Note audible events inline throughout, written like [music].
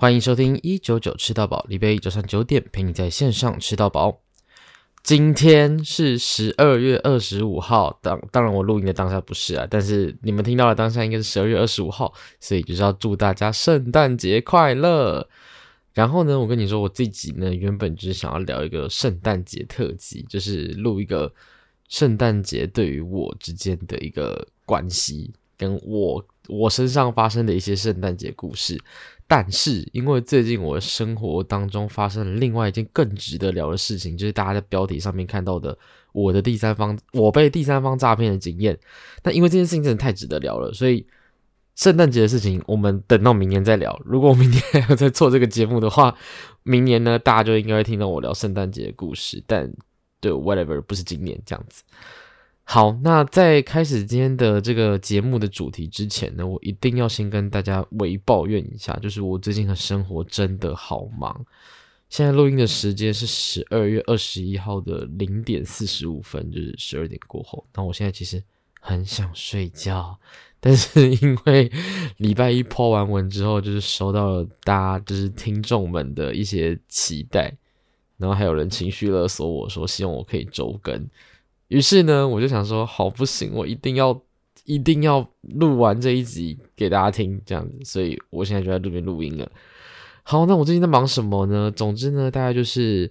歡迎收聽一九九吃到飽，禮拜一早上九點陪你在線上吃到飽。今天是十二月二十五號，當當然我錄音的當下不是啊，但是你們聽到的當下應該是十二月二十五號，所以就是要祝大家聖誕節快樂。然後呢，我跟你說，我自己呢，原本就是想要聊一個聖誕節特輯，就是錄一個聖誕節對於我之間的一個關係，跟我我身上發生的一些聖誕節故事。但是，因為最近我的生活當中發生了另外一件更值得聊的事情，就是大家在標題上面看到的我的第三方，我被第三方詐騙的經驗。但因為這件事情真的太值得聊了，所以聖誕節的事情我們等到明年再聊。如果我明年還要再做這個節目的話，明年呢，大家就應該會聽到我聊聖誕節的故事。但對我 whatever，不是今年這樣子。好，那在開始今天的這個節目的主題之前呢，我一定要先跟大家微抱怨一下，就是我最近的生活真的好忙。現在錄音的時間是十二月二十一號的零點四十五分，就是十二點過後。那我現在其實很想睡覺，但是因為禮拜一 PO 完文之後，就是收到了大家就是聽眾們的一些期待，然後還有人情緒勒索我說希望我可以週更。於是呢，我就想說，好不行，我一定要，一定要錄完這一集給大家聽，這樣子，所以我現在就在路邊錄音了。好，那我最近在忙什麼呢？總之呢，大概就是，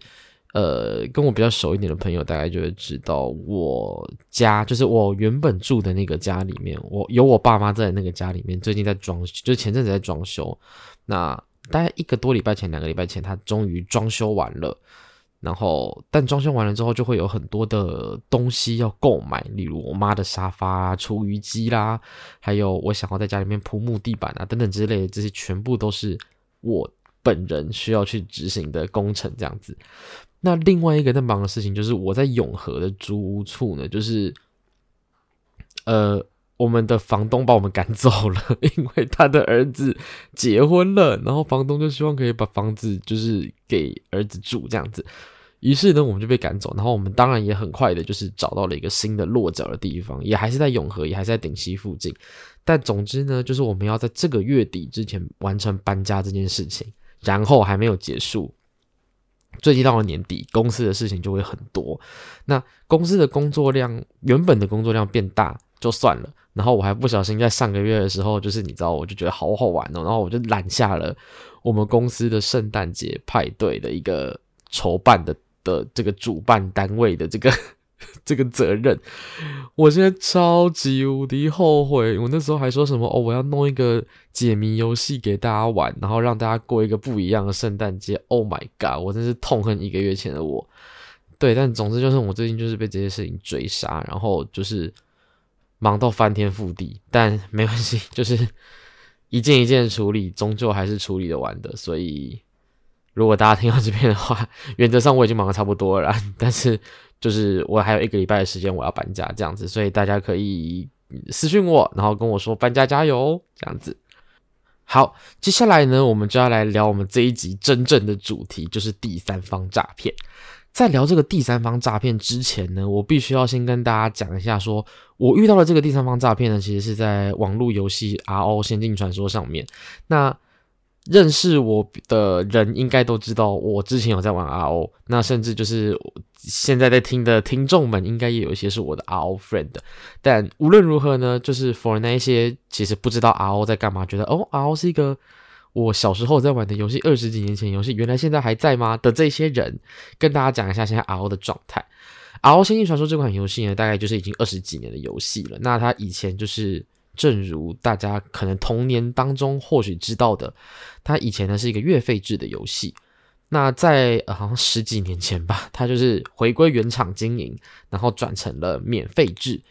呃，跟我比較熟一點的朋友大概就會知道，我家就是我原本住的那個家裡面，我有我爸媽在那個家裡面，最近在裝修，就前陣子在裝修，那大概一個多禮拜前，兩個禮拜前，他終於裝修完了。然後，但裝修完了之後，就會有很多的東西要購買，例如我媽的沙發、啊、廚餘機啦、啊，還有我想要在家裡面鋪木地板啊，等等之類的，這些全部都是我本人需要去執行的工程。這樣子，那另外一個在忙的事情就是，我在永和的租屋處呢，就是，呃。我們的房東把我們趕走了，因為他的兒子結婚了，然後房東就希望可以把房子就是給兒子住這樣子。於是呢，我們就被趕走，然後我們當然也很快的就是找到了一個新的落腳的地方，也還是在永和，也還是在頂溪附近。但總之呢，就是我們要在這個月底之前完成搬家這件事情，然後還沒有結束。最近到了年底，公司的事情就會很多，那公司的工作量原本的工作量變大就算了。然後我還不小心在上個月的時候，就是你知道，我就覺得好好玩哦，然後我就攬下了我們公司的聖誕節派對的一個籌辦的的這個主辦單位的這個這個責任。我現在超級無敵後悔，我那時候還說什麼哦，我要弄一個解謎遊戲給大家玩，然後讓大家過一個不一樣的聖誕節。Oh my god，我真是痛恨一個月前的我。對，但總之就是我最近就是被這些事情追殺，然後就是。忙到翻天覆地，但沒關係，就是一件一件的處理，終究還是處理得完的。所以，如果大家聽到這邊的話，原則上我已經忙得差不多了啦。但是，就是我還有一個禮拜的時間，我要搬家，這樣子，所以大家可以私訊我，然後跟我說搬家加油，這樣子。好，接下來呢，我們就要來聊我們這一集真正的主題，就是第三方詐騙。在聊這個第三方詐騙之前呢，我必須要先跟大家講一下說，說我遇到的這個第三方詐騙呢，其實是在網絡遊戲《R O》仙境傳說上面。那認識我的人應該都知道，我之前有在玩《R O》，那甚至就是現在在聽的聽眾們，應該也有一些是我的《R O》friend。但無論如何呢，就是 for 那一些其實不知道《R O》在幹嘛，覺得哦，《R O》是一個。我小時候在玩的遊戲，二十幾年前遊戲，原來現在還在嗎？的這些人跟大家講一下現在 R O 的狀態。R O 仙境傳說這款遊戲呢，大概就是已經二十幾年的遊戲了。那它以前就是，正如大家可能童年當中或許知道的，它以前呢是一個月費制的遊戲。那在、呃、好像十幾年前吧，它就是回歸原廠經營，然後轉成了免費制。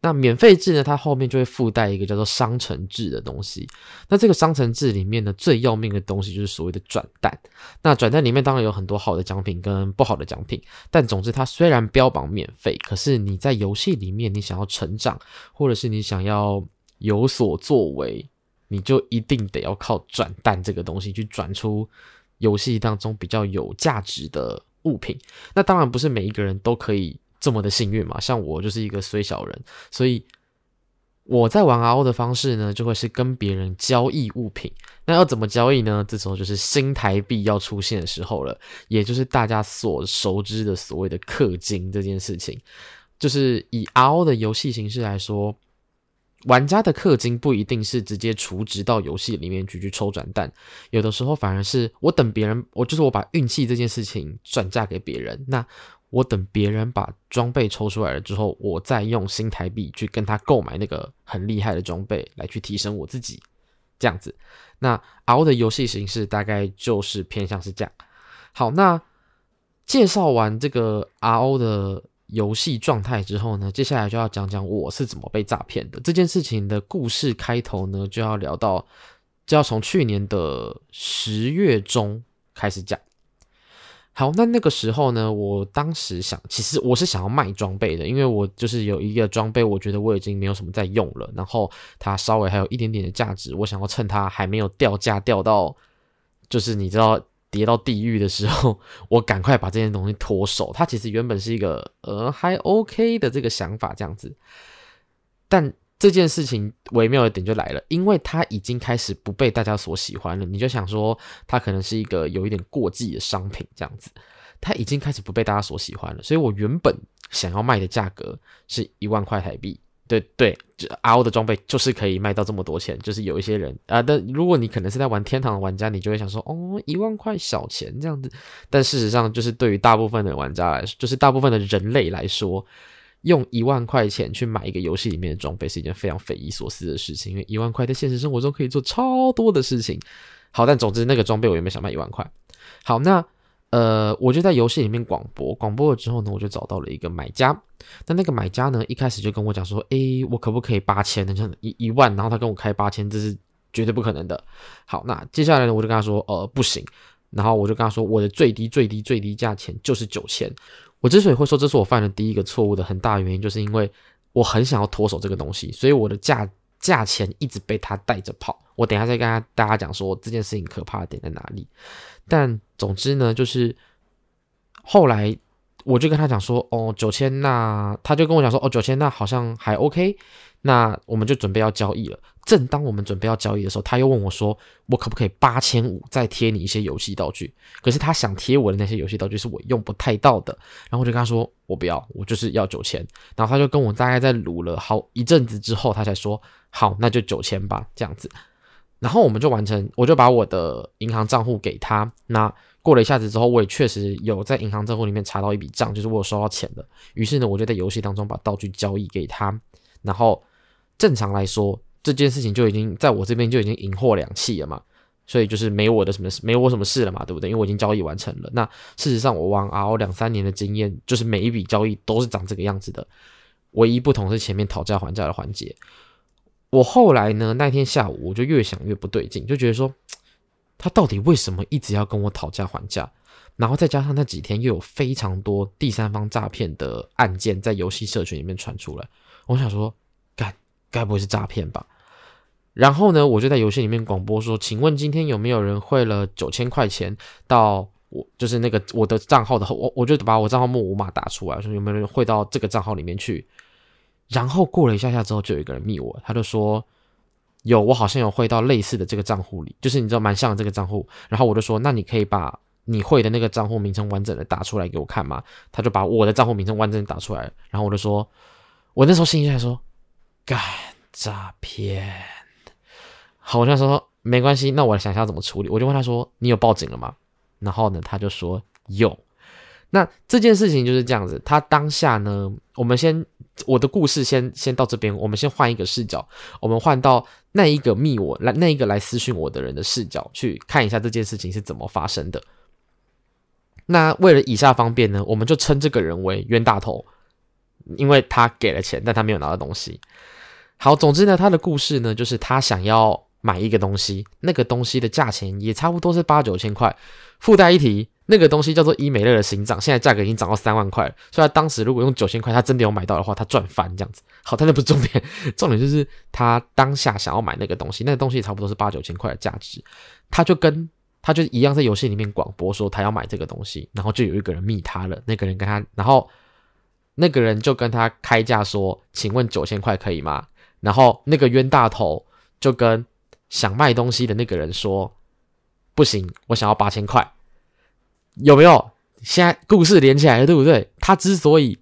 那免費制呢，它後面就會附帶一個叫做商城制的東西。那這個商城制裡面呢，最要命的東西就是所謂的轉蛋。那轉蛋裡面當然有很多好的獎品跟不好的獎品，但總之它雖然標榜免費，可是你在遊戲裡面，你想要成長，或者是你想要有所作為，你就一定得要靠轉蛋這個東西去轉出遊戲當中比較有價值的物品。那當然不是每一個人都可以這麼的幸運嘛？像我就是一個衰小人，所以我在玩 RO 的方式呢，就會是跟別人交易物品。那要怎麼交易呢？這時候就是新台幣要出現的時候了，也就是大家所熟知的所謂的氪金這件事情。就是以 RO 的遊戲形式來說，玩家的氪金不一定是直接儲值到遊戲裡面去去抽轉蛋，有的時候反而是我等別人，我就是我把運氣這件事情轉嫁給別人。那我等別人把裝備抽出來了之後，我再用新台幣去跟他購買那個很厲害的裝備，來去提升我自己。這樣子，那 RO 的遊戲形式大概就是偏向是這樣。好，那介紹完這個 RO 的遊戲狀態之後呢，接下來就要講講我是怎麼被詐騙的，這件事情的故事開頭呢，就要聊到，就要從去年的十月中開始講。好，那那個時候呢，我當時想，其實我是想要賣裝備的，因為我就是有一個裝備，我覺得我已經沒有什麼在用了，然後它稍微還有一點點的價值，我想要趁它還沒有掉價掉到，就是你知道跌到地獄的時候，我趕快把這件東西脫手。它其實原本是一個呃還 OK 的這個想法這樣子，但。這件事情微妙的點就來了，因為它已經開始不被大家所喜歡了。你就想說，它可能是一個有一點過季的商品這樣子，它已經開始不被大家所喜歡了。所以我原本想要賣的價格是一萬塊台幣，對對，這 RO 的裝備就是可以賣到這麼多錢，就是有一些人啊，但如果你可能是在玩天堂的玩家，你就會想說，哦，一萬塊小錢這樣子。但事實上，就是對於大部分的玩家來說，就是大部分的人類來說。用一萬塊錢去買一個遊戲裡面的裝備是一件非常匪夷所思的事情，因為一萬塊在現實生活中可以做超多的事情。好，但總之那個裝備我也沒想賣一萬塊。好，那呃我就在遊戲裡面廣播，廣播了之後呢，我就找到了一個買家。但那，那個買家呢，一開始就跟我講說，誒，我可不可以八千這樣一萬？然後他跟我開八千，這是絕對不可能的。好，那接下來呢，我就跟他說，呃，不行。然後我就跟他說，我的最低最低最低價錢就是九千。我之所以會說這是我犯的第一個錯誤的很大的原因，就是因為我很想要脫手這個東西，所以我的價價錢一直被他帶着跑。我等一下再跟他大家講說這件事情可怕的點在哪裡。但總之呢，就是後來我就跟他講說，哦，九千，那他就跟我講說，哦，九千，那好像還 OK。那我們就準備要交易了。正當我們準備要交易的時候，他又問我說：“我可不可以八千五再貼你一些遊戲道具？”可是他想貼我的那些遊戲道具是我用不太到的。然後我就跟他說：“我不要，我就是要九千。”然後他就跟我大概在盧了好一陣子之後，他才說：“好，那就九千吧，這樣子。”然後我們就完成，我就把我的銀行賬戶給他。那過了一下子之後，我也確實有在銀行賬戶裡面查到一筆賬，就是我有收到錢的。於是呢，我就在遊戲當中把道具交易給他。然後，正常來說，這件事情就已經在我這邊就已經銀貨兩訖了嘛，所以就是沒我的什麼，沒我什麼事了嘛，對不對？因為我已經交易完成了。那事實上，我玩 RO 兩三年的經驗，就是每一筆交易都是長這個樣子的。唯一不同是前面討價還價的環節。我後來呢，那天下午我就越想越不對勁，就覺得說他到底為什麼一直要跟我討價還價？然後再加上那幾天又有非常多第三方詐騙的案件在遊戲社群裡面傳出來。我想說，幹，該不會是詐騙吧？然後呢，我就在遊戲裡面廣播說：“請問今天有沒有人匯了九千塊錢到我，就是那個我的賬號的？我我就把我賬號末五碼，打出來，說有沒有人匯到這個賬號裡面去？然後過了一下下之後，就有一個人密我，他就說有，我好像有匯到類似的這個賬戶裡，就是你知道蠻像的這個賬戶然後我就說，那你可以把你匯的那個賬戶名稱完整的打出來給我看嗎？他就把我的賬戶名稱完整打出來，然後我就說。我那時候心裡就在說，幹，詐騙。好，我就在說說，沒關係，那我想一下要怎麼處理。我就問他說，你有報警了嗎？然後呢，他就說有。那這件事情就是這樣子。他當下呢，我們先我的故事先先到這邊。我們先換一個視角，我們換到那一個密我來那一個來私訊我的人的視角去看一下這件事情是怎麼發生的。那為了以下方便呢，我們就稱這個人為冤大頭。因為他給了錢，但他沒有拿到東西。好，總之呢，他的故事呢，就是他想要買一個東西，那個東西的價錢也差不多是八九千塊。附帶一提，那個東西叫做伊美樂的心臟，現在價格已經漲到三萬塊了。所以他當時如果用九千塊，他真的有買到的話，他賺翻這樣子。好，但這不是重點，重點就是他當下想要買那個東西，那個東西也差不多是八九千塊的價值。他就跟他就一樣，在遊戲裡面廣播說他要買這個東西，然後就有一個人密他了，那個人跟他，然後。那個人就跟他開價說：“請問九千塊可以嗎？”然後那個冤大頭就跟想賣東西的那個人說：“不行，我想要八千塊。”有沒有？現在故事連起來了，對不對？他之所以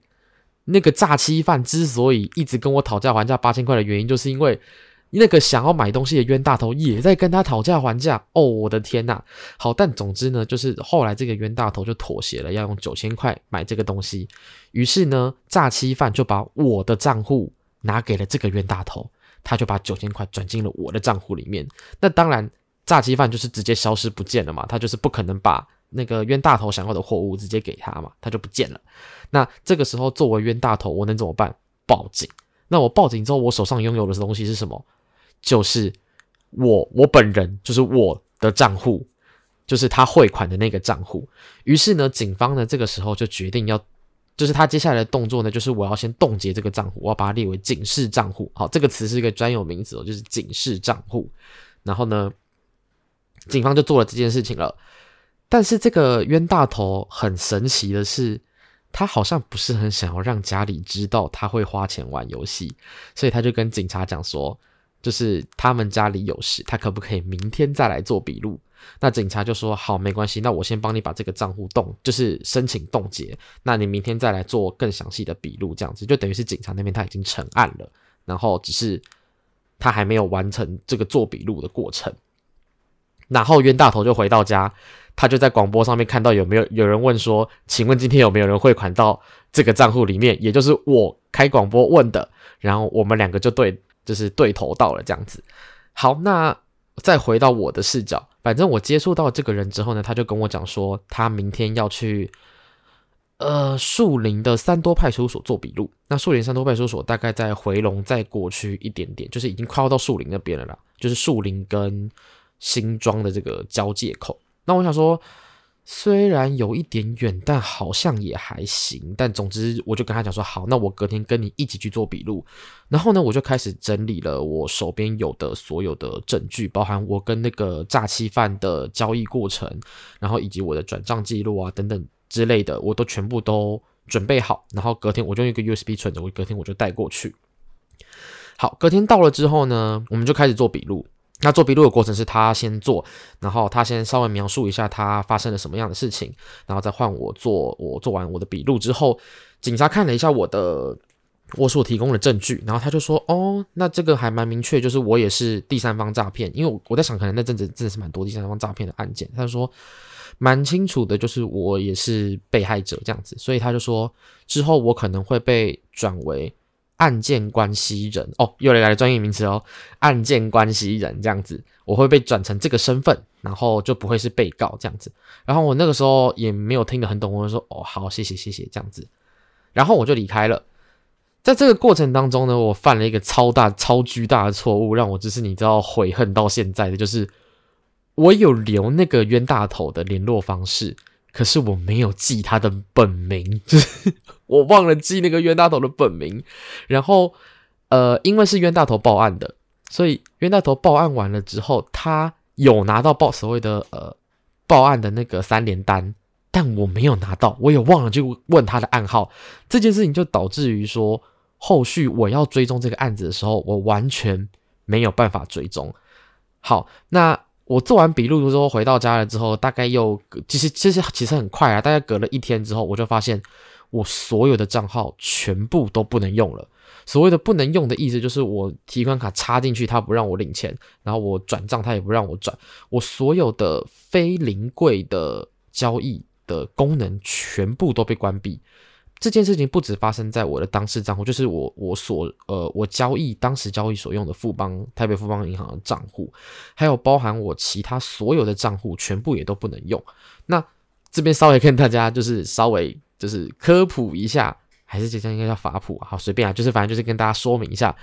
那個詐欺犯之所以一直跟我討價還價八千塊的原因，就是因為。那個想要買東西的冤大頭也在跟他討價還價哦，我的天哪！好，但總之呢，就是後來這個冤大頭就妥協了，要用九千塊買這個東西。於是呢，詐欺犯就把我的賬戶拿給了這個冤大頭，他就把九千塊轉進了我的賬戶裡面。那當然，詐欺犯就是直接消失不見了嘛，他就是不可能把那個冤大頭想要的貨物直接給他嘛，他就不見了。那這個時候作為冤大頭，我能怎麼辦？報警。那我報警之後，我手上擁有的東西是什麼？就是我，我本人就是我的賬戶，就是他匯款的那個賬戶。於是呢，警方呢這個時候就決定要，就是他接下來的動作呢，就是我要先凍結這個賬戶，我要把它列為警示賬戶。好，這個詞是一個專有名詞哦，就是警示賬戶。然後呢，警方就做了這件事情了。但是這個冤大頭很神奇的是，他好像不是很想要讓家裡知道他會花錢玩遊戲，所以他就跟警察講說。就是他們家裡有事，他可不可以明天再來做筆錄？那警察就說好，沒關係，那我先幫你把這個賬戶凍，就是申請凍結。那你明天再來做更詳細的筆錄，這樣子就等於是警察那邊他已經成案了，然後只是他還沒有完成這個做筆錄的過程。然後冤大頭就回到家，他就在廣播上面看到有沒有有人問說，請問今天有沒有人匯款到這個賬戶裡面？也就是我開廣播問的。然後我們兩個就對。就是對頭到了這樣子。好，那再回到我的視角。反正我接觸到這個人之後呢，他就跟我講說，他明天要去，呃，樹林的三多派出所做筆錄。那樹林三多派出所大概在回龍再過去一點點，就是已經快要到樹林那邊了啦，就是樹林跟新莊的這個交界口。那我想說。雖然有一點遠，但好像也還行。但總之，我就跟他講說好，那我隔天跟你一起去做筆錄。然後呢，我就開始整理了我手邊有的所有的證據，包含我跟那個詐欺犯的交易過程，然後以及我的轉賬記錄啊等等之類的，我都全部都準備好。然後隔天我就用一個 USB 存着，我隔天我就帶過去。好，隔天到了之後呢，我們就開始做筆錄。那做筆錄的過程是他先做，然後他先稍微描述一下他發生了什麼樣的事情，然後再換我做。我做完我的筆錄之後，警察看了一下我的我所提供的證據，然後他就說：“哦，那這個還蠻明確，就是我也是第三方詐騙。”因為我在想，可能那陣子真的是蠻多第三方詐騙的案件。他就說：“蠻清楚的，就是我也是被害者這樣子。”所以他就說，之後我可能會被轉為。案件關係人哦，又來了專業名詞哦。案件關係人這樣子，我會被轉成這個身份，然後就不會是被告這樣子。然後我那個時候也沒有聽得很懂，我就說哦，好，謝謝謝謝這樣子，然後我就離開了。在這個過程當中呢，我犯了一個超大、超巨大的錯誤，讓我就是你知道悔恨到現在的，就是我有留那個冤大頭的聯絡方式，可是我沒有記他的本名。就是我忘了記那個冤大頭的本名，然後呃，因為是冤大頭報案的，所以冤大頭報案完了之後，他有拿到報所謂的呃報案的那個三聯單，但我沒有拿到，我也忘了去問他的暗號。這件事情就導致於說，後續我要追蹤這個案子的時候，我完全沒有辦法追蹤。好，那我做完筆錄之後回到家了之後，大概又其實其實其實很快啊，大概隔了一天之後，我就發現。我所有的賬號全部都不能用了。所謂的不能用的意思，就是我提款卡插進去，他不讓我領錢；然後我轉賬，他也不讓我轉。我所有的非零貴的交易的功能全部都被關閉。這件事情不止發生在我的當事賬戶，就是我我所呃我交易當時交易所用的富邦台北富邦銀行的賬戶，還有包含我其他所有的賬戶，全部也都不能用。那這邊稍微跟大家就是稍微。就是科普一下，還是這張應該叫法普啊？好，隨便啊，就是反正就是跟大家說明一下，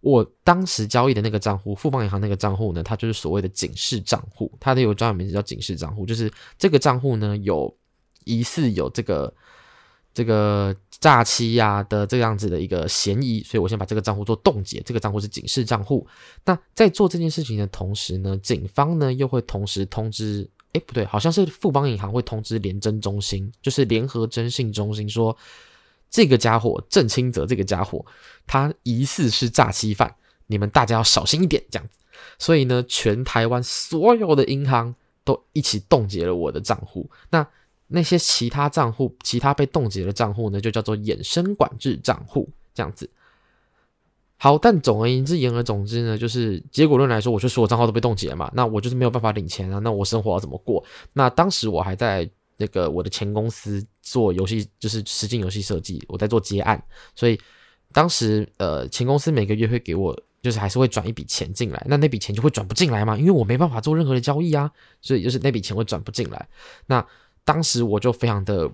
我當時交易的那個賬戶，富邦銀行那個賬戶呢，它就是所謂的警示賬戶，它的有專有名詞叫警示賬戶，就是這個賬戶呢有疑似有這個這個詐欺呀、啊、的這個樣子的一個嫌疑，所以我先把這個賬戶做凍結，這個賬戶是警示賬戶。那在做這件事情的同時呢，警方呢又會同時通知。哎，不對，好像是富邦銀行會通知聯徵中心，就是聯合徵信中心說，這個家伙鄭清澤這個家伙，他疑似是詐欺犯，你們大家要小心一點這樣子。所以呢，全台灣所有的銀行都一起凍結了我的賬戶。那那些其他賬戶，其他被凍結的賬戶呢，就叫做衍生管制賬戶這樣子。好，但總而言之，言而總之呢，就是結果論來說，我就所有帳號都被凍結了嘛，那我就是沒有辦法領錢啊，那我生活要怎麼過？那當時我還在那個我的前公司做遊戲，就是實景遊戲設計，我在做接案，所以當時呃前公司每個月會給我，就是還是會轉一筆錢進來，那那筆錢就會轉不進來嘛，因為我沒辦法做任何的交易啊，所以就是那筆錢會轉不進來，那當時我就非常的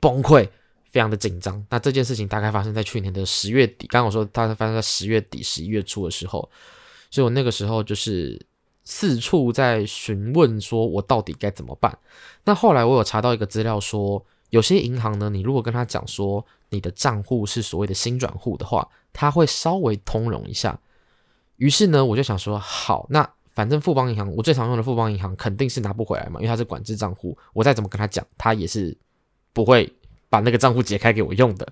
崩潰。非常的緊張。那這件事情大概發生在去年的十月底，剛剛我說大概發生在十月底，十一月初的時候，所以我那個時候就是四處在詢問，說我到底該怎麼辦。那後來我有查到一個資料說，說有些銀行呢，你如果跟他講說你的賬戶是所謂的薪轉戶的話，他會稍微通融一下。於是呢，我就想說，好，那反正富邦銀行，我最常用的富邦銀行肯定是拿不回來嘛，因為它是管制賬戶，我再怎麼跟他講，他也是不會。把那個賬戶解開給我用的，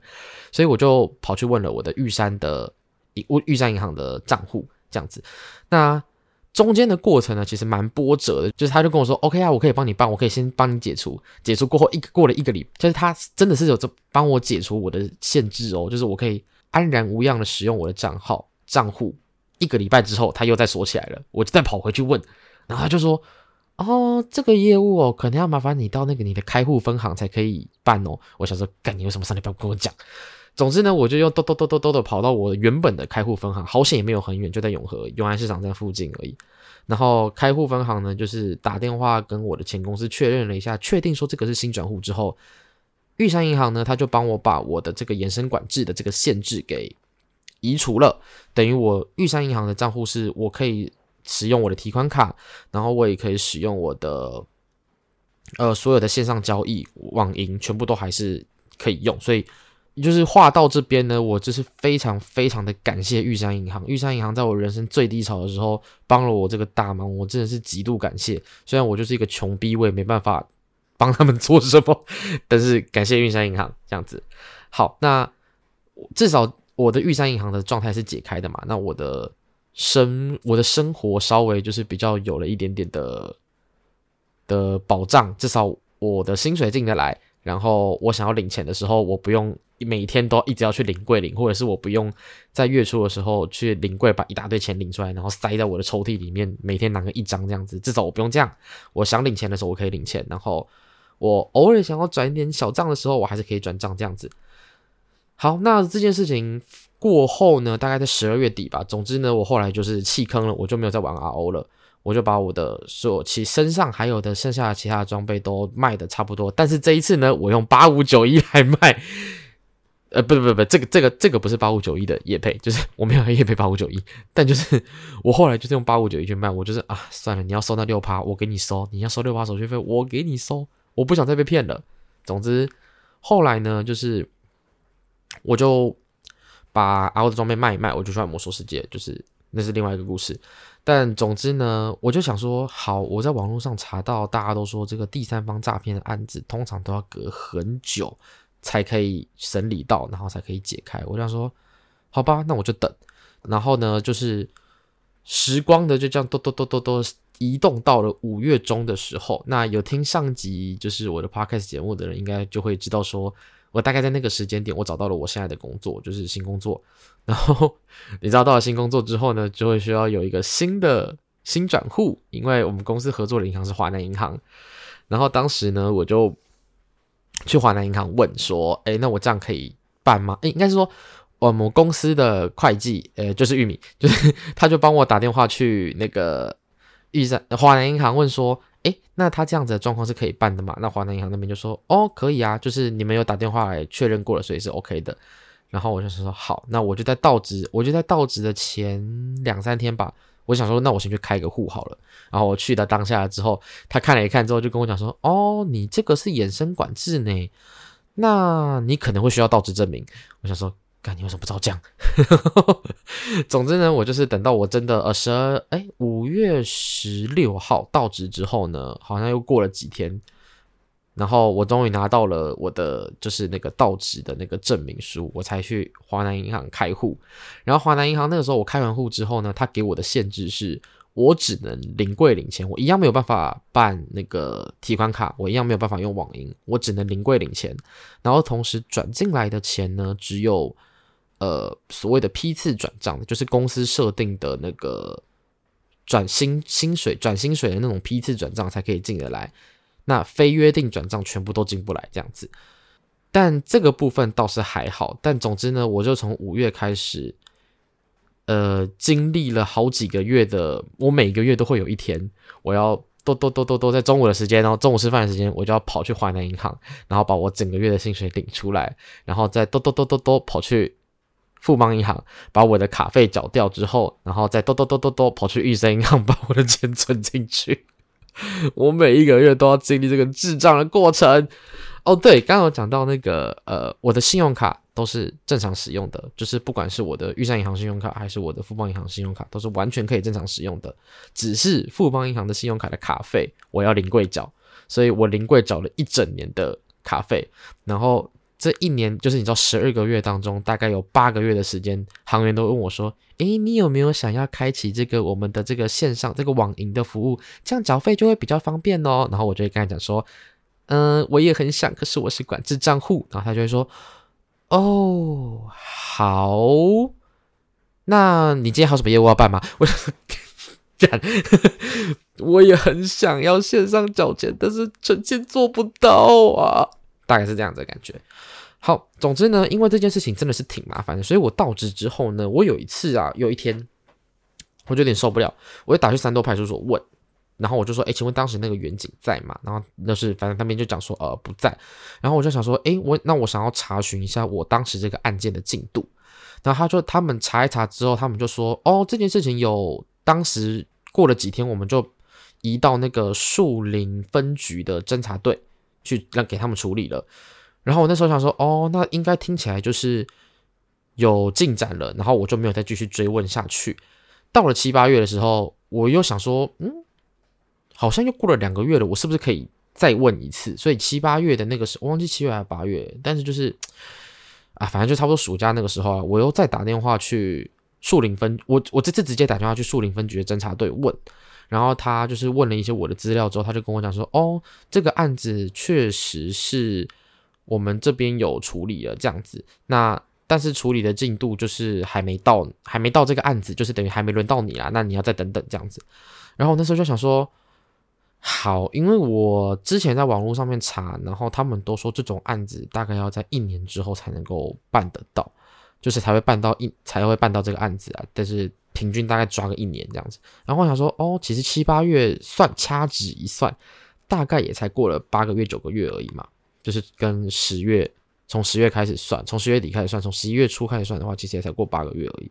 所以我就跑去問了我的玉山的銀，玉山銀行的賬戶這樣子。那中間的過程呢，其實蠻波折的，就是他就跟我說：“OK 啊，我可以幫你辦，我可以先幫你解除，解除過後一個過了一個禮，就是他真的是有這幫我解除我的限制哦，就是我可以安然無恙的使用我的賬號賬戶。一個禮拜之後，他又再鎖起來了，我就再跑回去問，然後他就說。哦，這個業務哦，可能要麻煩你到那個你的開戶分行才可以辦哦。我想說，幹，你有什麼事你不要跟我講？總之呢，我就又咚咚咚咚咚的跑到我原本的開戶分行，好險也沒有很遠，就在永和永安市場站附近而已。然後開戶分行呢，就是打電話跟我的前公司確認了一下，確定說這個是新轉戶之後，玉山銀行呢，他就幫我把我的這個衍生管制的這個限制給移除了，等於我玉山銀行的賬戶是我可以使用我的提款卡，然後我也可以使用我的，呃，所有的線上交易、網銀，全部都還是可以用。所以，就是話到這邊呢，我就是非常、非常的感謝玉山銀行。玉山銀行在我人生最低潮的時候幫了我這個大忙，我真的是極度感謝。雖然我就是一個窮逼，我也沒辦法幫他們做什麼，但是感謝玉山銀行這樣子。好，那至少我的玉山銀行的狀態是解開的嘛，那我的。生我的生活稍微就是比較有了一點點的的保障，至少我的薪水進得來，然後我想要領錢的時候，我不用每天都一直要去領櫃領，或者是我不用在月初的時候去領櫃把一大堆錢領出來，然後塞在我的抽屜裡面，每天拿個一張這樣子，至少我不用這樣。我想領錢的時候我可以領錢，然後我偶爾想要轉一點小賬的時候，我還是可以轉賬這樣子。好，那這件事情過後呢，大概在十二月底吧。總之呢，我後來就是棄坑了，我就沒有再玩 RO 了。我就把我的所有其身上還有的剩下的其他的裝備都賣的差不多。但是這一次呢，我用八五九一來賣。呃，不不不不，這個這個這個不是八五九一的業配，就是我沒有業配八五九一。但就是我後來就是用八五九一去賣，我就是啊，算了，你要收那六趴，我給你收；你要收六趴手續費，我給你收。我不想再被騙了。總之後來呢，就是。我就把阿、啊、O 的裝備賣一賣，我就去玩魔獸世界，就是那是另外一個故事。但總之呢，我就想說，好，我在網絡上查到，大家都說這個第三方詐騙的案子，通常都要隔很久才可以審理到，然後才可以解開。我就想說，好吧，那我就等。然後呢，就是時光的就這樣，多多多多咚，移動到了五月中的時候。那有聽上集就是我的 Podcast 節目的人，應該就會知道說。我大概在那個時間點，我找到了我現在的工作，就是新工作。然後你知道到了新工作之後呢，就會需要有一個新的薪轉戶，因為我們公司合作的銀行是華南銀行。然後當時呢，我就去華南銀行問說：“哎，那我這樣可以辦嗎？”哎，應該是說我們公司的會計，呃，就是玉米，就是他就幫我打電話去那個玉山華南銀行問說。那他這樣子的狀況是可以辦的嘛？那華南銀行那邊就說，哦，可以啊，就是你們有打電話來確認過了，所以是 OK 的。然後我就說，好，那我就在到職，我就在到職的前兩三天吧。我想說，那我先去開個戶好了。然後我去了當下之後，他看了一看之後，就跟我講說，說，哦，你這個是衍生管制呢，那你可能會需要到職證明。我想說。感，你為什麼不照這樣？ [laughs] 總之呢，我就是等到我真的呃十二，哎，五月十六號到職之後呢，好像又過了幾天，然後我終於拿到了我的就是那個到職的那個證明書，我才去華南銀行開戶。然後華南銀行那個時候我開完戶之後呢，他給我的限制是我只能臨櫃領錢，我一樣沒有辦法辦那個提款卡，我一樣沒有辦法用網銀，我只能臨櫃領錢。然後同時轉進來的錢呢，只有。呃，所謂的批次轉賬，就是公司設定的那個轉薪薪水、轉薪水的那種批次轉賬才可以進得來，那非約定轉賬全部都進不來這樣子。但這個部分倒是還好。但總之呢，我就從五月開始，呃，經歷了好幾個月的，我每個月都會有一天，我要多多多多多在中午的時間，然後中午吃飯的時間，我就要跑去華南銀行，然後把我整個月的薪水領出來，然後再多多多多多跑去。富邦銀行把我的卡費繳掉之後，然後再哆哆哆哆哆跑去玉山銀行把我的錢存進去。 [laughs] 我每一個月都要經歷這個智障的過程。哦，對，剛剛講到那個呃，我的信用卡都是正常使用的，就是不管是我的玉山銀行信用卡還是我的富邦銀行信用卡，都是完全可以正常使用的。只是富邦銀行的信用卡的卡費我要臨櫃繳，所以我臨櫃繳了一整年的卡費，然後。這一年就是你知道，十二個月當中，大概有八個月的時間，行員都問我說：“哎、欸，你有沒有想要開啟這個我們的這個線上這個網銀的服務？這樣繳費就會比較方便哦。”然後我就會跟他講說：“嗯、呃，我也很想，可是我是管制賬戶。”然後他就會說：“哦，好，那你今天還有什麼業務要辦嗎？”我這 [laughs] 我也很想要線上繳錢，但是臣妾做不到啊，大概是這樣子的感覺。好，總之呢，因為這件事情真的是挺麻煩的，所以我到職之後呢，我有一次啊，有一天我就有點受不了，我就打去三多派出所問，然後我就說：“哎、欸，請問當時那個員警在嗎？”然後那、就是反正那邊就講說：“呃，不在。”然後我就想說：“哎、欸，我那我想要查詢一下我當時這個案件的進度。”然後他說：“他們查一查之後，他們就說：哦，這件事情有當時過了幾天，我們就移到那個樹林分局的偵查隊去讓給他們處理了。”然後我那時候想說，哦，那應該聽起來就是有進展了。然後我就沒有再繼續追問下去。到了七八月的時候，我又想說，嗯，好像又過了兩個月了，我是不是可以再問一次？所以七八月的那個時候，我忘記七月還是八月，但是就是啊，反正就差不多暑假那個時候啊，我又再打電話去樹林分，我我這次直接打電話去樹林分局的偵查隊問，然後他就是問了一些我的資料之後，他就跟我講說，哦，這個案子確實是。我們這邊有處理了，這樣子。那但是處理的進度就是還沒到，還沒到這個案子，就是等於還沒輪到你啦。那你要再等等這樣子。然後我那時候就想說，好，因為我之前在網絡上面查，然後他們都說這種案子大概要在一年之後才能夠辦得到，就是才會辦到，一才會辦到這個案子啊。但是平均大概抓個一年這樣子。然後我想說，哦，其實七八月算，掐指一算，大概也才過了八個月、九個月而已嘛。就是跟十月，從十月開始算，從十月底開始算，從十一月初開始算的話，其實也才過八個月而已。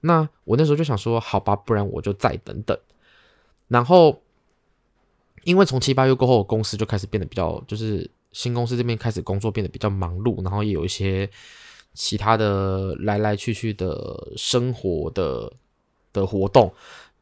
那我那時候就想說，好吧，不然我就再等等。然後，因為從七八月過後，公司就開始變得比較，就是新公司這邊開始工作變得比較忙碌，然後也有一些其他的來來去去的生活的的活動，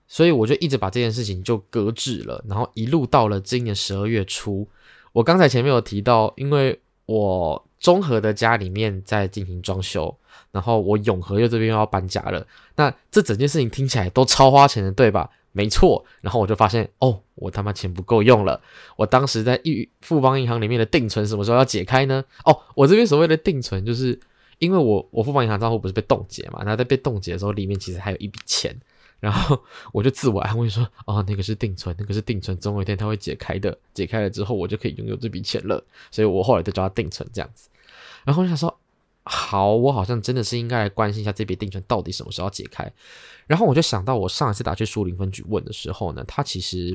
所以我就一直把這件事情就擱置了。然後一路到了今年十二月初。我剛才前面有提到，因為我中和的家裡面在進行裝修，然後我永和又這邊又要搬家了，那這整件事情聽起來都超花錢的，對吧？沒錯，然後我就發現，哦，我他媽錢不夠用了。我當時在富邦銀行裡面的定存什麼時候要解開呢？哦，我這邊所謂的定存，就是因為我我富邦銀行賬戶不是被凍結嘛，那在被凍結的時候，裡面其實還有一筆錢。然後我就自我安慰說：“哦，那個是定存，那個是定存，總有一天他會解開的。解開了之後，我就可以擁有這筆錢了。”所以，我後來就叫他定存這樣子。然後我想說：“好，我好像真的是應該來關心一下這筆定存到底什麼時候要解開。”然後我就想到，我上一次打去樹林分局問的時候呢，他其實，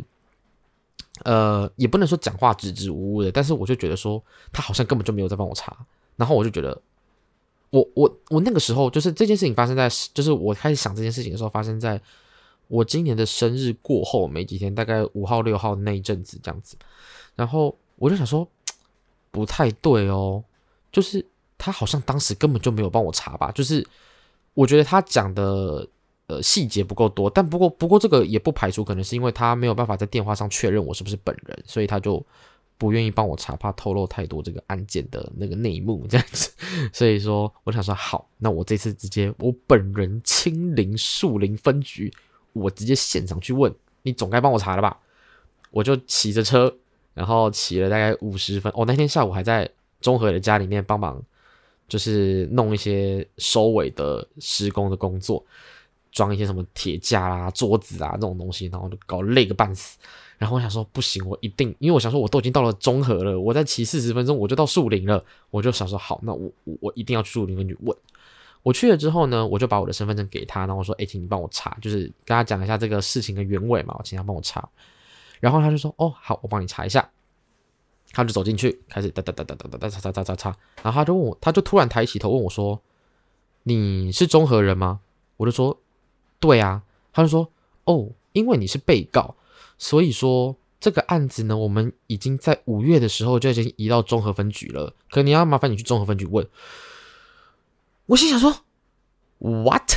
呃，也不能說講話支支吾吾的，但是我就覺得說，他好像根本就沒有在幫我查。然後我就覺得。我我我那個時候就是這件事情發生在，就是我開始想這件事情的時候，發生在我今年的生日過後沒幾天，大概五號六號那一陣子這樣子。然後我就想說，不太對哦，就是他好像當時根本就沒有幫我查吧，就是我覺得他講的呃細節不夠多，但不過不過這個也不排除可能是因為他沒有辦法在電話上確認我是不是本人，所以他就。不願意幫我查，怕透露太多這個案件的那個內幕這樣子。 [laughs] 所以說我想說好，那我這次直接我本人親臨樹林分局，我直接現場去問你，總該幫我查了吧？我就騎着車，然後騎了大概五十分，我、哦、那天下午還在中和的家裡面幫忙，就是弄一些收尾的施工的工作，裝一些什麼鐵架啦、啊、桌子啊這種東西，然後就搞累個半死。然後我想說不行，我一定，因為我想說我都已經到了中和了，我再騎四十分鐘我就到樹林了，我就想說好，那我我，我一定要去樹林裡面去問。我去了之後呢，我就把我的身份證給他，然後我說：“哎、欸，請你幫我查，就是跟他講一下這個事情的原委嘛，我請他幫我查。”然後他就說：“哦，好，我幫你查一下。”他就走進去，開始噠噠噠噠噠噠噠查查查，然後他就問我，他就突然抬起頭問我說：“你是中和人嗎？”我就說：“對啊。打打打”他就說：“哦，因為你是被告。”所以說這個案子呢，我們已經在五月的時候就已經移到綜合分局了。可你要麻煩你去綜合分局問。我心想說，What？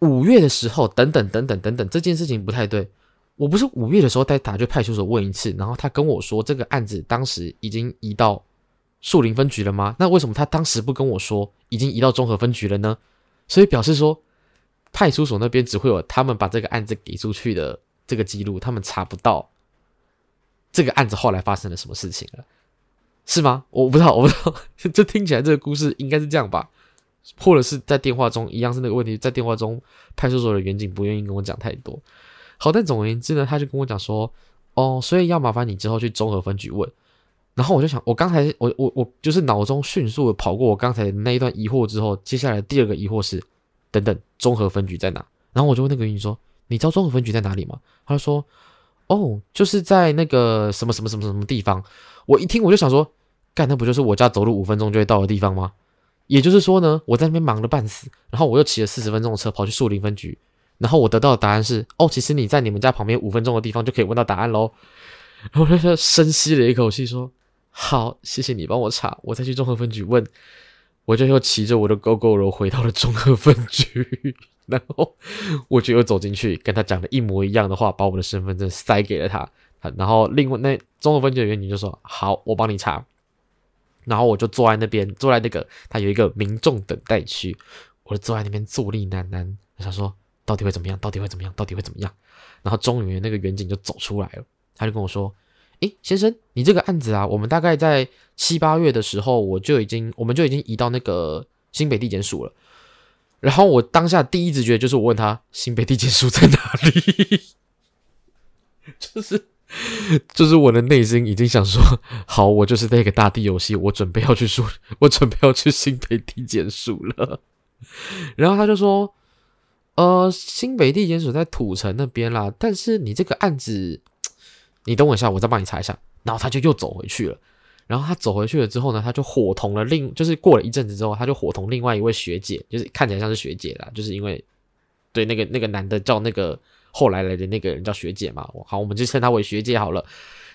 五月的時候，等等等等等等，這件事情不太對。我不是五月的時候再打去派出所問一次，然後他跟我說這個案子當時已經移到樹林分局了嗎？那為什麼他當時不跟我說已經移到綜合分局了呢？所以表示說，派出所那邊只會有他們把這個案子給出去的。這個記錄他們查不到，這個案子後來發生了什麼事情了？是嗎？我不知道，我不知道。這 [laughs] 聽起來這個故事應該是這樣吧？或者是在電話中一樣是那個問題，在電話中派出所的員警不願意跟我講太多。好，但總而言之呢，他就跟我講說：“哦，所以要麻煩你之後去綜合分局問。”然後我就想，我剛才我我我就是腦中迅速的跑過我剛才那一段疑惑之後，接下來第二個疑惑是：等等，綜合分局在哪？然後我就問那個員警說。你知道中和分局在哪裡嗎？他說，哦，就是在那個什麼什麼什麼什麼地方。我一聽我就想說，幹！那不就是我家走路五分鐘就會到的地方嗎？也就是說呢，我在那邊忙得半死，然後我又騎了四十分鐘的車跑去樹林分局，然後我得到的答案是，哦，其實你在你們家旁邊五分鐘的地方就可以問到答案嘍。然後他就深吸了一口氣說，好，謝謝你幫我查，我再去中和分局問。我就又騎着我的 Gogoro 回到了中和分局。 [laughs] 然後我就又走進去，跟他講的一模一樣的話，把我的身份證塞給了他。然後另外那綜合分局的員警就說：“好，我幫你查。”然後我就坐在那邊，坐在那個他有一個民眾等待區，我就坐在那邊坐立難安，我想說到底會怎麼樣？到底會怎麼樣？到底會怎麼樣？然後終於那個員警就走出來了，他就跟我說：“誒，先生，你這個案子啊，我們大概在七八月的時候，我就已經我們就已經移到那個新北地檢署了。”然後我當下第一直覺得就是我問他新北地檢署在哪裡，就是就是我的內心已經想說，好，我就是那個大地遊戲，我準備要去署，我準備要去新北地檢署了。然後他就說，呃，新北地檢署在土城那邊啦，但是你這個案子，你等我一下，我再幫你查一下。然後他就又走回去了。然後他走回去了之後呢，他就夥同了另，就是過了一陣子之後，他就夥同另外一位學姐，就是看起來像是學姐啦，就是因為對那個那個男的叫那個後來來的那個人叫學姐嘛，好，我們就稱他為學姐好了。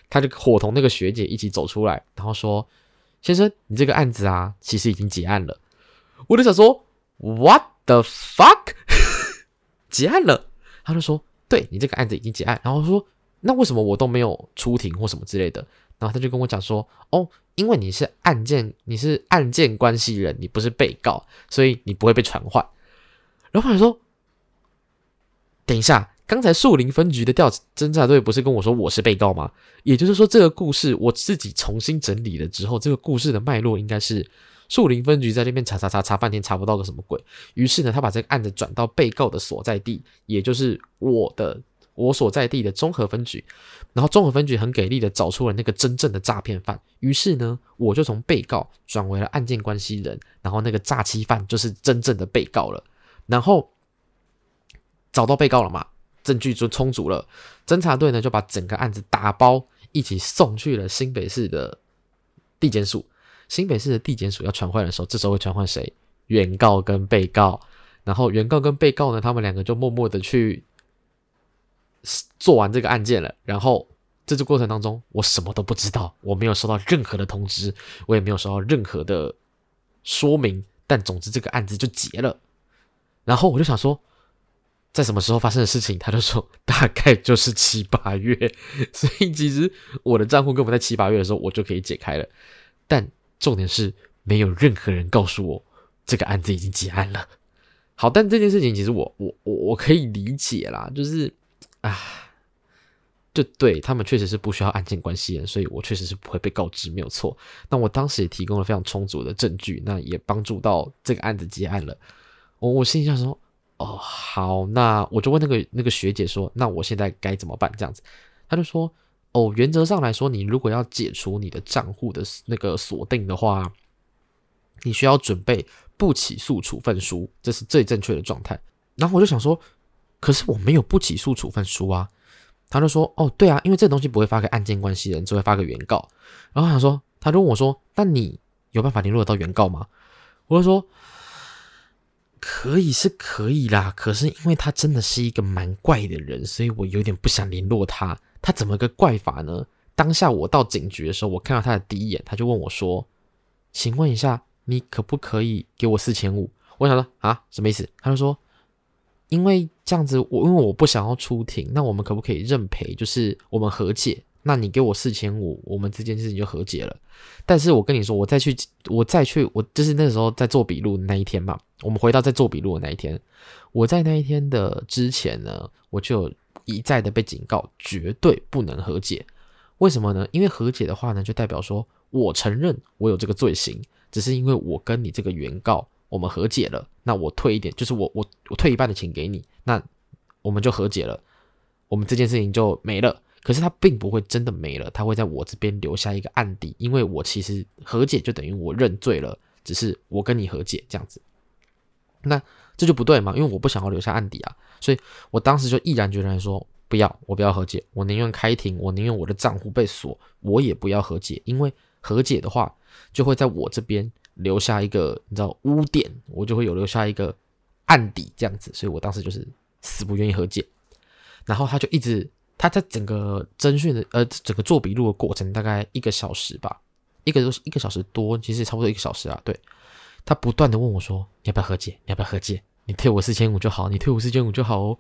他就夥同那個學姐一起走出來，然後說：“先生，你這個案子啊，其實已經結案了。”我就想說：“What the fuck？結 [laughs] 案了？”他就說：“對，你這個案子已經結案。”然後說：“那為什麼我都沒有出庭或什麼之類的？”然後他就跟我講說：“哦，因為你是案件，你是案件關係人，你不是被告，所以你不會被傳喚。”然後我說：“等一下，剛才樹林分局的調查偵查隊不是跟我說我是被告嗎？也就是說，這個故事我自己重新整理了之後，這個故事的脈絡應該是樹林分局在那邊查查查查半天查不到個什麼鬼，於是呢，他把這個案子轉到被告的所在地，也就是我的我所在地的綜合分局。”然後中和分局很給力的找出了那個真正的詐騙犯，於是呢，我就從被告轉為了案件關係人，然後那個詐欺犯就是真正的被告了。然後找到被告了嘛，證據就充足了，偵查隊呢就把整個案子打包一起送去了新北市的地檢署。新北市的地檢署要傳喚的時候，這時候會傳喚誰？原告跟被告。然後原告跟被告呢，他們兩個就默默的去，做完這個案件了，然後在這次過程當中，我什麼都不知道，我沒有收到任何的通知，我也沒有收到任何的說明。但總之這個案子就結了，然後我就想說，在什麼時候發生的事情？他就說大概就是七八月，所以其實我的賬戶根本在七八月的時候，我就可以解開了。但重點是沒有任何人告訴我這個案子已經結案了。好，但這件事情其實我我我可以理解啦，就是。啊，就對，他們確實是不需要案件關係人，所以我確實是不會被告知，沒有錯。那我當時也提供了非常充足的證據，那也幫助到這個案子結案了。我我心想說，哦，好，那我就問那個那個學姐說，那我現在該怎麼辦？這樣子，他就說，哦，原則上來說，你如果要解除你的賬戶的那個鎖定的話，你需要準備不起訴處分書，這是最正確的狀態。然後我就想說。可是我沒有不起訴處分書啊，他就說哦對啊，因為這個東西不會發給案件關係人，只會發給原告。然後他就說，他就問我說，那你有辦法聯絡得到原告嗎？我就說可以是可以啦，可是因為他真的是一個蠻怪的人，所以我有點不想聯絡他。他怎麼個怪法呢？當下我到警局的時候，我看到他的第一眼，他就問我說，請問一下，你可不可以給我四千五？我想說啊，什麼意思？他就說。因為這樣子，我因為我不想要出庭，那我們可不可以認賠？就是我們和解，那你給我四千五，我們這件事情就和解了。但是我跟你說，我再去，我再去，我就是那時候在做筆錄的那一天嘛，我們回到在做筆錄的那一天，我在那一天的之前呢，我就一再的被警告，絕對不能和解。為什麼呢？因為和解的話呢，就代表說我承認我有這個罪行，只是因為我跟你這個原告我們和解了，那我退一點，就是我我我退一半的錢給你，那我們就和解了，我們這件事情就沒了。可是他並不會真的沒了，他會在我這邊留下一個案底，因為我其實和解就等於我認罪了，只是我跟你和解這樣子。那這就不對嘛，因為我不想要留下案底啊，所以我當時就毅然決然說不要，我不要和解，我寧願開庭，我寧願我的賬戶被鎖，我也不要和解，因為和解的話就會在我這邊。留下一個你知道污點，我就會有留下一個案底這樣子，所以我當時就是死不願意和解。然後他就一直他在整個偵訊的呃整個做筆錄的過程，大概一個小時吧，一個多一個小時多，其實差不多一個小時啊。對他不斷的問我說你要不要和解，你要不要和解，你退我四千五就好，你退我四千五就好哦。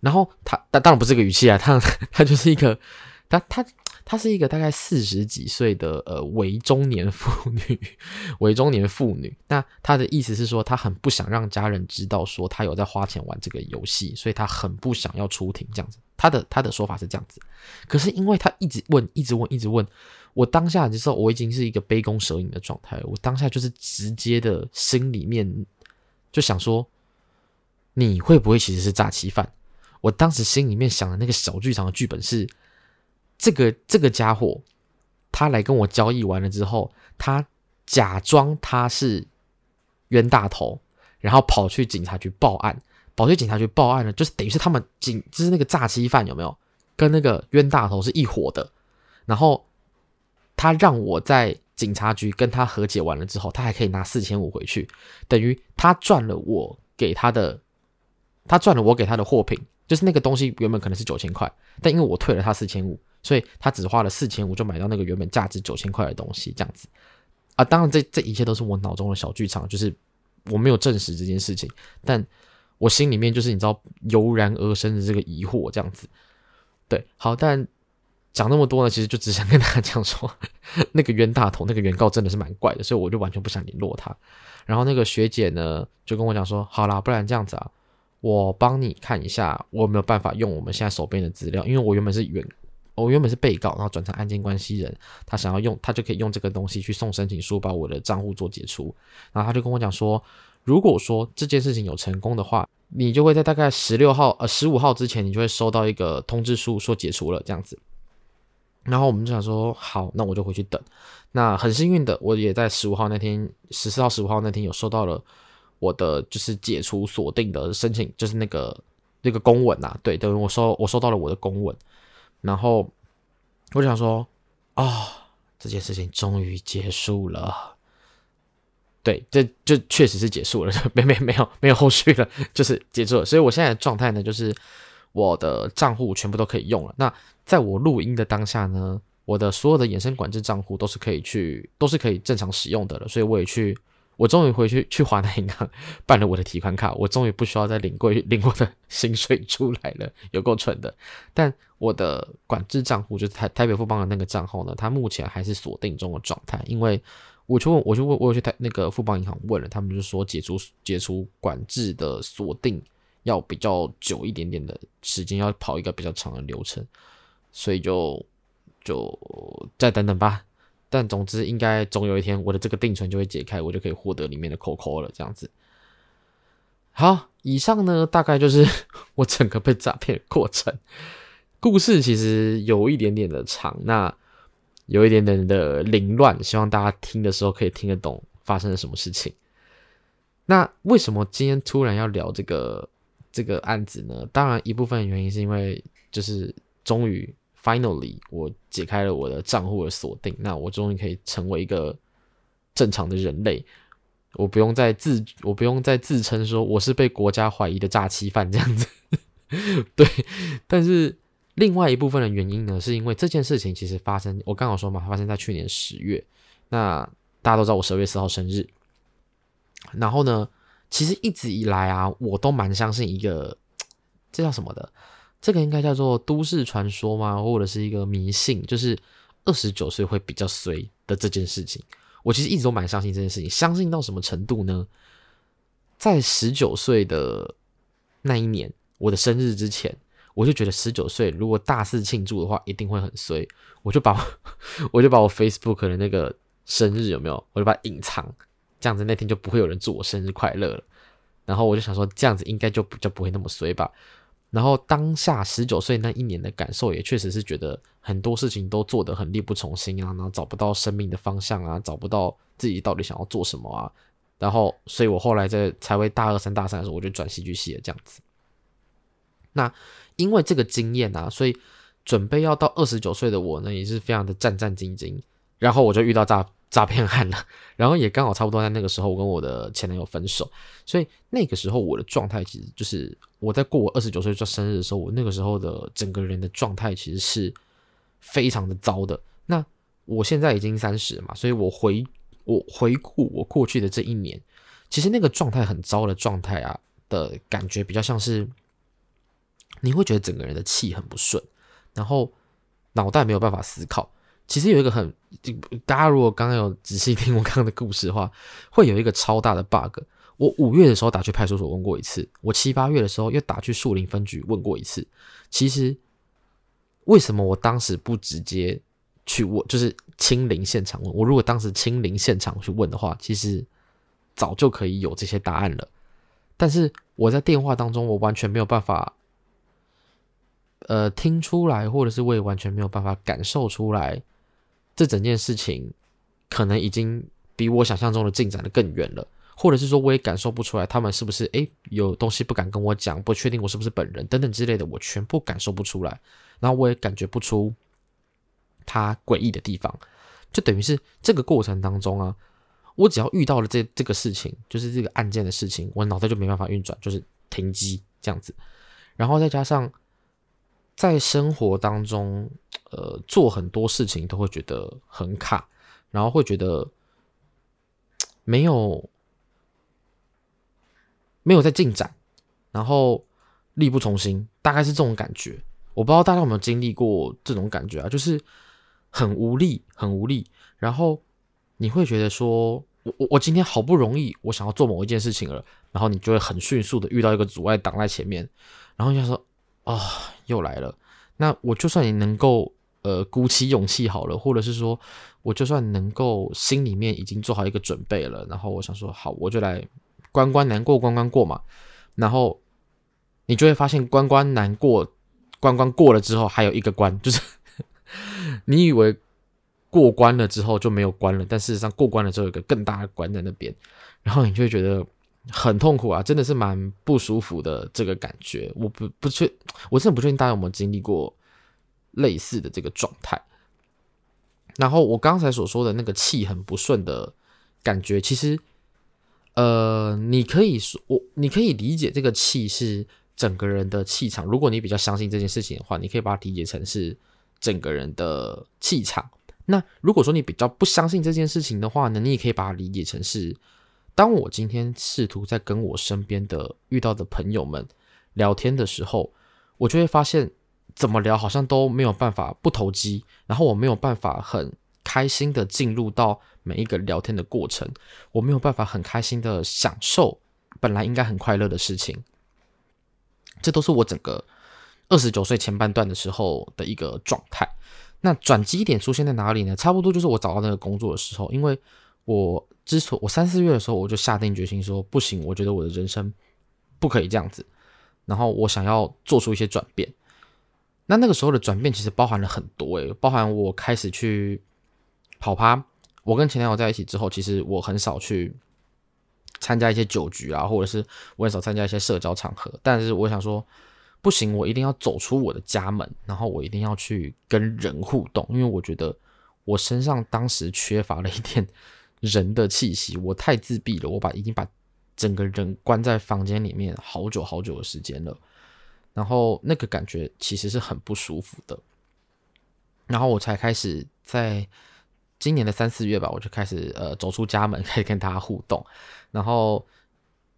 然後他但當然不是這個語氣啊，他他就是一個他他。他她是一個大概四十幾歲的呃偽中年婦女，偽中年婦女。那她的意思是說，她很不想讓家人知道說她有在花錢玩這個遊戲，所以她很不想要出庭這樣子。她的她的說法是這樣子，可是因為她一直問，一直問，一直問，我當下的時候，我已經是一個杯弓蛇影的狀態。我當下就是直接的心裡面就想說，你會不會其實是詐欺犯？我當時心裡面想的那個小劇場的劇本是。這個這個家伙，他來跟我交易完了之後，他假裝他是冤大頭，然後跑去警察局報案。跑去警察局報案呢，就是等於是他們警，就是那個詐欺犯有沒有跟那個冤大頭是一夥的？然後他讓我在警察局跟他和解完了之後，他還可以拿四千五回去，等於他賺了我給他的，他賺了我給他的貨品，就是那個東西原本可能是九千塊，但因為我退了他四千五。所以他只花了四千五就買到那個原本價值九千塊的東西，這樣子啊。當然，這這一切都是我腦中的小劇場，就是我沒有證實這件事情，但我心裡面就是你知道油然而生的這個疑惑，這樣子。對，好，但講那麼多呢，其實就只想跟大家講說，那個冤大頭，那個原告真的是蠻怪的，所以我就完全不想聯絡他。然後那個學姐呢，就跟我講說，好啦，不然這樣子啊，我幫你看一下，我有沒有辦法用我們現在手邊的資料，因為我原本是原。我、哦、原本是被告，然後轉成案件關係人，他想要用，他就可以用這個東西去送申請書，把我的賬戶做解除。然後他就跟我講說，如果說這件事情有成功的話，你就會在大概十六號呃十五號之前，你就會收到一個通知書，說解除了這樣子。然後我們就想說，好，那我就回去等。那很幸運的，我也在十五號那天，十四號、十五號那天有收到了我的就是解除鎖定的申請，就是那個那個公文啊，對，等於我收我收到了我的公文。然後我想說，啊、哦，這件事情終於結束了。對，這就，就確實是結束了，沒沒沒有沒有後續了，就是結束了。所以我現在的狀態呢，就是我的賬戶全部都可以用了。那在我錄音的當下呢，我的所有的衍生管制賬戶都是可以去，都是可以正常使用的了，所以我也去。我終於回去去華南銀行辦了我的提款卡，我終於不需要再領過領我的薪水出來了，有夠蠢的。但我的管制賬戶就是台台北富邦的那個賬號呢，它目前還是鎖定中的狀態。因為我去問，我去問，我去台那個富邦銀行問了，他們就說解除解除管制的鎖定要比較久一點點的時間，要跑一個比較長的流程，所以就就再等等吧。但總之，應該總有一天，我的這個定存就會解開，我就可以獲得裡面的扣扣了，這樣子。好，以上呢，大概就是我整個被詐騙過程。故事其實有一點點的長，那有一點點的凌亂，希望大家聽的時候可以聽得懂發生了什麼事情。那為什麼今天突然要聊這個這個案子呢？當然，一部分原因是因為就是終於。Finally，我解開了我的賬戶的鎖定，那我終於可以成為一個正常的人類，我不用再自，我不用再自稱說我是被國家懷疑的詐欺犯這樣子。 [laughs] 對，但是另外一部分的原因呢，是因為這件事情其實發生，我剛好說嘛，發生在去年十月，那大家都知道我十二月四號生日，然後呢，其實一直以來啊，我都蠻相信一個，這叫什麼的？這個應該叫做都市傳說嗎？或者是一個迷信？就是二十九歲會比較衰的這件事情，我其實一直都蠻相信這件事情。相信到什麼程度呢？在十九歲的那一年，我的生日之前，我就覺得十九歲如果大肆慶祝的話，一定會很衰。我就把我，我就把我 Facebook 的那個生日有沒有，我就把它隱藏，這樣子那天就不會有人祝我生日快樂了。然後我就想說，這樣子應該就就不會那麼衰吧。然後當下十九歲那一年的感受也確實是覺得很多事情都做得很力不從心啊，然後找不到生命的方向啊，找不到自己到底想要做什麼啊。然後，所以我後來在才為大二、三大三的時候，我就轉戲劇系了。這樣子，那因為這個經驗啊，所以準備要到二十九歲的我呢，也是非常的戰戰兢兢。然後我就遇到大詐騙案了，然後也剛好差不多在那個時候，我跟我的前男友分手，所以那個時候我的狀態其實就是我在過我二十九歲生日的時候，我那個時候的整個人的狀態其實是非常的糟的。那我現在已經三十嘛，所以我回我回顧我過去的這一年，其實那個狀態很糟的狀態啊的感覺比較像是你會覺得整個人的氣很不順，然後腦袋沒有辦法思考。其實有一個很，大家如果剛剛有仔細聽我剛剛的故事的話，會有一個超大的 bug。我五月的時候打去派出所問過一次，我七八月的時候又打去樹林分局問過一次。其實為什麼我當時不直接去問，就是親臨現場問，我如果當時親臨現場去問的話，其實早就可以有這些答案了。但是我在電話當中，我完全沒有辦法，呃，聽出來，或者是我也完全沒有辦法感受出來。這整件事情可能已經比我想象中的進展的更遠了，或者是說我也感受不出來，他們是不是誒有東西不敢跟我講，不確定我是不是本人等等之類的，我全部感受不出來，然後我也感覺不出他詭異的地方，就等於是這個過程當中啊，我只要遇到了這這個事情，就是這個案件的事情，我腦袋就沒辦法運轉，就是停機這樣子，然後再加上。在生活當中，呃，做很多事情都會覺得很卡，然後會覺得沒有沒有在進展，然後力不從心，大概是這種感覺。我不知道大家有沒有經歷過這種感覺啊？就是很無力，很無力。然後你會覺得說，我我我今天好不容易，我想要做某一件事情了，然後你就會很迅速的遇到一個阻礙擋在前面，然後你就會說。啊、哦，又來了。那我就算你能夠，呃，鼓起勇氣好了，或者是說，我就算能夠心裡面已經做好一個準備了，然後我想說，好，我就來關關難過關關過嘛。然後你就會發現，關關難過，關關過了之後，還有一個關，就是 [laughs] 你以為過關了之後就沒有關了，但事實上過關了之後有一個更大的關在那邊，然後你就會覺得。很痛苦啊，真的是蠻不舒服的這個感覺。我不不確，我真的不確定大家有沒有經歷過類似的這個狀態。然後我剛才所說的那個氣很不順的感覺，其實，呃，你可以說我，你可以理解這個氣是整個人的氣場。如果你比較相信這件事情的話，你可以把它理解成是整個人的氣場。那如果說你比較不相信這件事情的話呢，你也可以把它理解成是。當我今天試圖在跟我身邊的遇到的朋友們聊天的時候，我就會發現，怎麼聊好像都沒有辦法不投機，然後我沒有辦法很開心的進入到每一個聊天的過程，我沒有辦法很開心的享受本來應該很快樂的事情。這都是我整個二十九歲前半段的時候的一個狀態。那轉機點出現在哪裡呢？差不多就是我找到那個工作的時候，因為我。之所，我三四月的時候，我就下定決心說：“不行，我覺得我的人生不可以這樣子。”然後我想要做出一些轉變。那那個時候的轉變其實包含了很多、欸，包含我開始去跑趴。我跟前男友在一起之後，其實我很少去參加一些酒局啊，或者是我很少參加一些社交場合。但是我想說，不行，我一定要走出我的家門，然後我一定要去跟人互動，因為我覺得我身上當時缺乏了一點。人的氣息，我太自閉了，我把已經把整個人關在房間裡面好久好久的時間了，然後那個感覺其實是很不舒服的，然後我才開始在今年的三四月吧，我就開始呃走出家門，開始跟大家互動，然後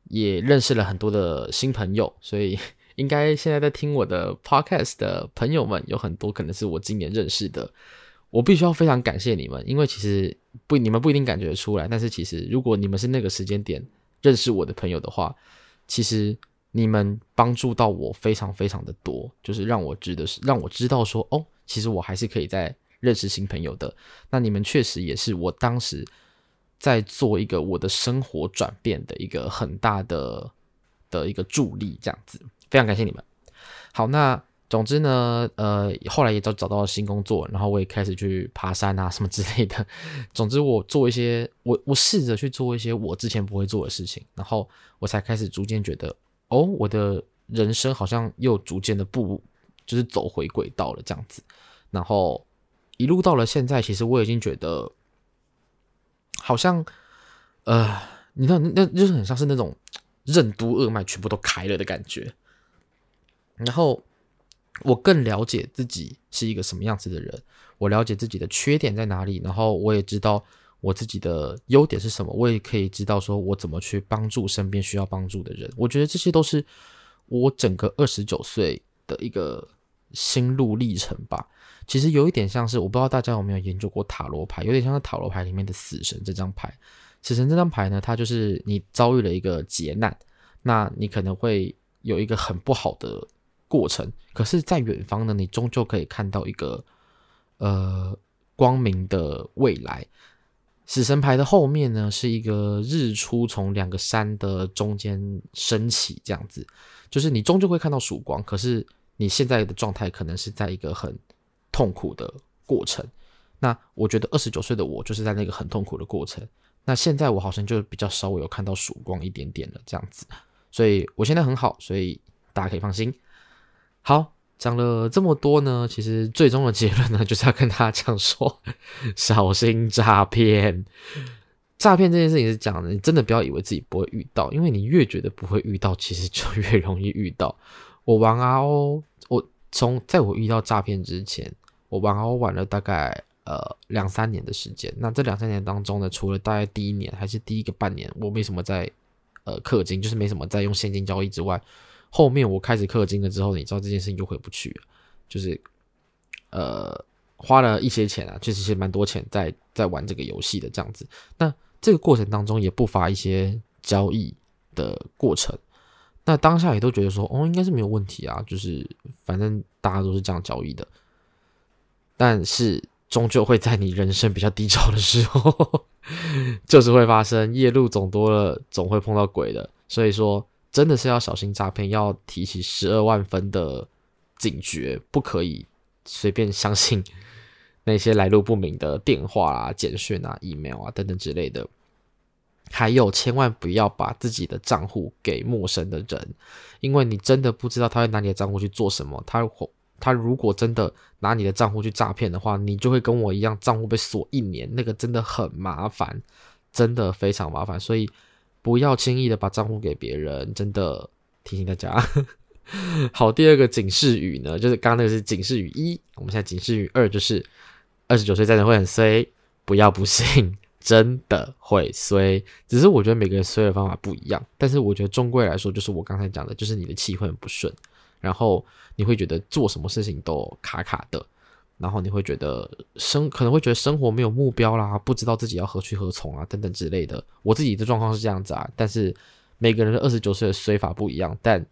也認識了很多的新朋友，所以應該現在在聽我的 Podcast 的朋友們有很多可能是我今年認識的。我必須要非常感謝你們，因為其實不，你們不一定感覺出來，但是其實如果你們是那個時間點認識我的朋友的話，其實你們幫助到我非常非常的多，就是讓我知的是讓我知道說，哦，其實我還是可以再認識新朋友的。那你們確實也是我當時在做一個我的生活轉變的一個很大的的一個助力，這樣子，非常感謝你們。好，那。總之呢，呃，後來也找找到了新工作，然後我也開始去爬山啊什麼之類的。總之，我做一些，我我試着去做一些我之前不會做的事情，然後我才開始逐漸覺得，哦，我的人生好像又逐漸的不就是走回軌道了這樣子。然後一路到了現在，其實我已經覺得，好像，呃，你知道那那就是很像是那種任督二脈全部都開了的感覺，然後。我更了解自己是一個什麼樣子的人，我了解自己的缺點在哪裡，然後我也知道我自己的優點是什麼，我也可以知道說我怎麼去幫助身邊需要幫助的人。我覺得這些都是我整個二十九歲的一個心路歷程吧。其實有一點像是，我不知道大家有沒有研究過塔羅牌，有點像是塔羅牌裡面的死神這張牌。死神這張牌呢，它就是你遭遇了一個劫難，那你可能會有一個很不好的。過程，可是，在遠方呢，你終究可以看到一個，呃，光明的未來。死神牌的後面呢，是一個日出從兩個山的中間升起，這樣子，就是你終究會看到曙光。可是，你現在的狀態可能是在一個很痛苦的過程。那我覺得二十九歲的我就是在那個很痛苦的過程。那現在我好像就比較稍微有看到曙光一點點了，這樣子。所以我現在很好，所以大家可以放心。好，講了這麼多呢，其實最終的結論呢，就是要跟大家講說，小心詐騙。詐騙這件事情是講的，你真的不要以為自己不會遇到，因為你越覺得不會遇到，其實就越容易遇到。我玩 RO，我從在我遇到詐騙之前，我玩 RO 玩了大概呃兩三年的時間。那這兩三年當中呢，除了大概第一年還是第一個半年，我沒什麼在呃氪金，就是沒什麼在用現金交易之外。後面我開始氪金了之後，你知道這件事情就回不去了，就是呃花了一些錢啊，確實是蠻多錢在在玩這個遊戲的這樣子。那這個過程當中也不乏一些交易的過程，那當下也都覺得說哦，應該是沒有問題啊，就是反正大家都是這樣交易的。但是終究會在你人生比較低潮的時候， [laughs] 就是會發生夜路走多了總會碰到鬼的，所以說。真的是要小心詐騙，要提起十二萬分的警覺，不可以隨便相信那些來路不明的電話啊、簡訊啊、email 啊等等之類的。還有，千萬不要把自己的賬戶給陌生的人，因為你真的不知道他會拿你的賬戶去做什麼。他他如果真的拿你的賬戶去詐騙的話，你就會跟我一樣，賬戶被鎖一年，那個真的很麻煩，真的非常麻煩，所以。不要輕易的把賬戶給別人，真的提醒大家。 [laughs] 好，第二個警示語呢，就是剛剛那個是警示語一，我們現在警示語二就是二十九歲再人會很衰，不要不信，真的會衰。只是我覺得每個人衰的方法不一樣，但是我覺得終歸來說，就是我剛才講的，就是你的氣會很不順，然後你會覺得做什麼事情都卡卡的。然後你會覺得生可能會覺得生活沒有目標啦，不知道自己要何去何從啊，等等之類的。我自己的狀況是這樣子啊，但是每個人的二十九歲的衰法不一樣，但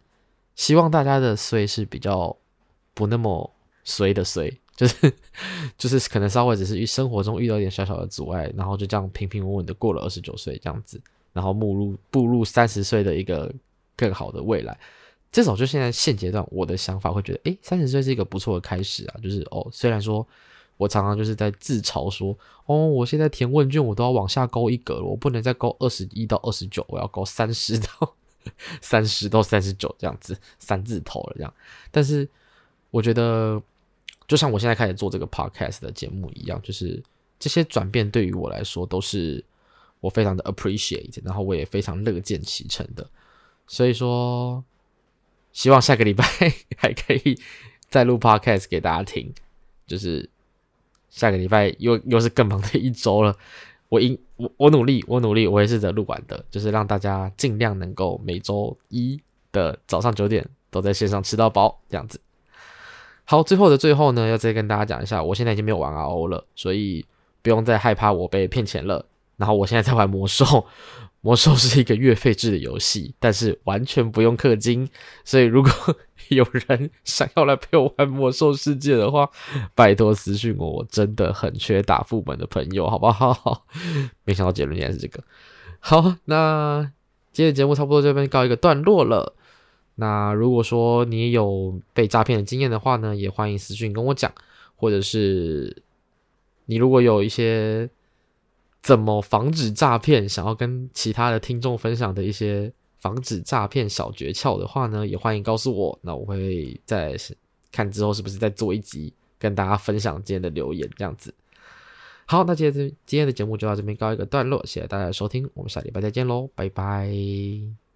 希望大家的衰是比較不那麼衰的衰，就是就是可能稍微只是遇生活中遇到一點小小的阻礙，然後就這樣平平穩穩的過了二十九歲這樣子，然後目入步入步入三十歲的一個更好的未來。至少就現在現階段，我的想法會覺得，誒，三十歲是一個不錯的開始啊！就是哦，雖然說，我常常就是在自嘲說，哦，我現在填問卷，我都要往下勾一格了，我不能再勾二十一到二十九，我要勾三十到三十到三十九這樣子，三字頭了。這樣。但是，我覺得，就像我現在開始做這個 podcast 的節目一樣，就是這些轉變對於我來說，都是我非常的 appreciate，然後我也非常樂見其成的。所以說。希望下個禮拜還可以再錄 podcast 給大家聽，就是下個禮拜又又是更忙的一周了。我應我我努力，我努力，我會試着錄完的，就是讓大家盡量能夠每周一的早上九點都在線上吃到飽，這樣子。好，最後的最後呢，要再跟大家講一下，我現在已經沒有玩 RO 了，所以不用再害怕我被騙錢了。然後我現在在玩魔獸。魔獸是一個月費制的遊戲，但是完全不用氪金，所以如果有人想要來陪我玩魔獸世界的話，拜托私信我，我真的很缺打副本的朋友，好不好？沒想到結論竟然是這個。好，那今天的節目差不多就這邊告一個段落了。那如果說你有被詐騙的經驗的話呢，也歡迎私信跟我講，或者是你如果有一些。怎麼防止詐騙？想要跟其他的聽眾分享的一些防止詐騙小訣竅的話呢，也歡迎告訴我，那我會再看之後是不是再做一集跟大家分享今天的留言這樣子。好，那今天今天的節目就到這邊告一個段落，謝謝大家的收聽，我們下禮拜再見嘍，拜拜。